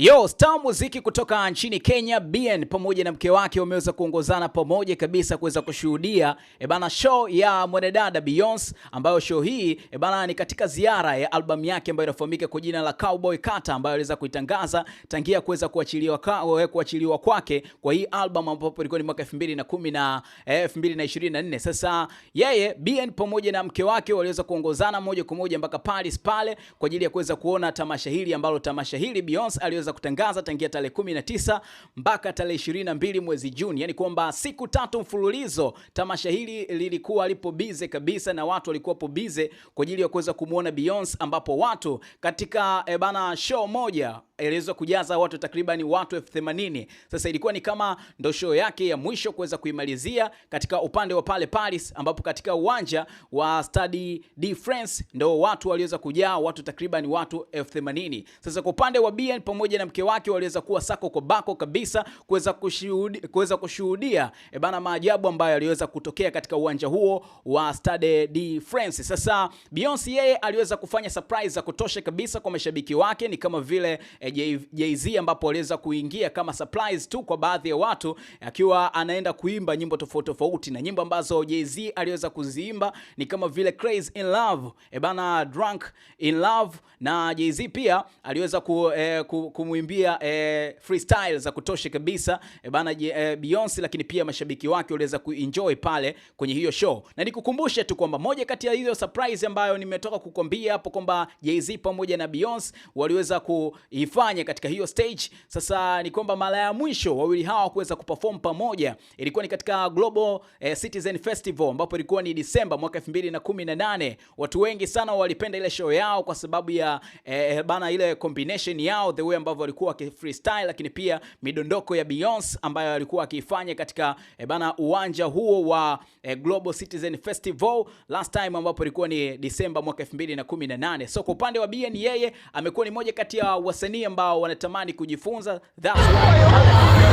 Yo, star muziki kutoka nchini Kenya Bien pamoja na mke wake wameweza kuongozana pamoja kabisa kuweza kushuhudia ebana show ya mwanadada Beyonce, ambayo show hii ebana ni katika ziara ya albamu yake ambayo inafahamika kwa jina la Cowboy Carter, ambayo aliweza kuitangaza tangia kuweza kuachiliwa eh, kuachiliwa kwake kwa hii album ambapo ilikuwa ni mwaka 2010 na 2024. Eh, Sasa yeye Bien pamoja na mke wake waliweza kuongozana moja kwa moja mpaka Paris pale kwa ajili ya kuweza kuona tamasha hili ambalo tamasha hili Beyonce aliweza wameweza kutangaza tangia tarehe 19 mpaka tarehe 22 mwezi Juni, yani kwamba siku tatu mfululizo tamasha hili lilikuwa lipo bize kabisa, na watu walikuwa po bize kwa ajili ya kuweza kumuona Beyonce, ambapo watu katika ebana eh, show moja iliweza kujaza watu takriban watu elfu themanini. Sasa ilikuwa ni kama ndo show yake ya mwisho kuweza kuimalizia katika upande wa pale Paris, ambapo katika uwanja wa Stade de France ndo watu waliweza kujaa watu takriban watu elfu themanini. Sasa kwa upande wa BN pamoja na mke wake waliweza kuwa sako kwa bako kabisa kuweza kushuhudia, kuweza kushuhudia e bana maajabu ambayo aliweza kutokea katika uwanja huo wa Stade de France. Sasa Beyonce yeye aliweza kufanya surprise za kutosha kabisa kwa mashabiki wake, ni kama vile e, Jay-Z ambapo aliweza kuingia kama surprise tu kwa baadhi ya watu akiwa anaenda kuimba nyimbo tofauti tofauti, na nyimbo ambazo Jay-Z aliweza kuziimba ni kama vile Crazy in Love, e bana Drunk in Love, na Jay-Z pia aliweza ku, e, ku, ku kumwimbia e, freestyle za kutosha kabisa e, bana e, Beyonce, lakini pia mashabiki wake waliweza kuenjoy pale kwenye hiyo show, na nikukumbushe tu kwamba moja kati ya hizo surprise ambayo nimetoka kukwambia hapo kwamba Jay-Z pamoja na Beyonce waliweza kuifanya katika hiyo stage. Sasa ni kwamba mara ya mwisho wawili hawa kuweza kuperform pamoja ilikuwa ni katika Global e, Citizen Festival ambapo ilikuwa ni Disemba mwaka 2018. Watu wengi sana walipenda ile show yao kwa sababu ya e, bana ile combination yao the way ambavyo ambavyo walikuwa wakifreestyle, lakini pia midondoko ya Beyonce ambayo alikuwa akiifanya katika e, bana uwanja huo wa e, Global Citizen Festival last time ambapo ilikuwa ni Disemba mwaka 2018. So kwa upande wa bn yeye amekuwa ni moja kati ya wasanii ambao wanatamani kujifunza That's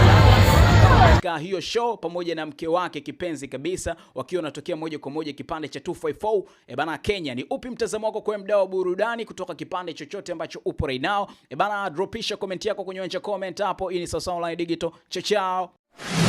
katika hiyo show pamoja na mke wake kipenzi kabisa, wakiwa wanatokea moja kwa moja kipande cha 254 e bana Kenya. Ni upi mtazamo wako kwa mdao wa burudani kutoka kipande chochote ambacho upo right now? E bana, dropisha comment yako kwenye section comment hapo. Hii ni Sawasawa Online Digital. Chao chao.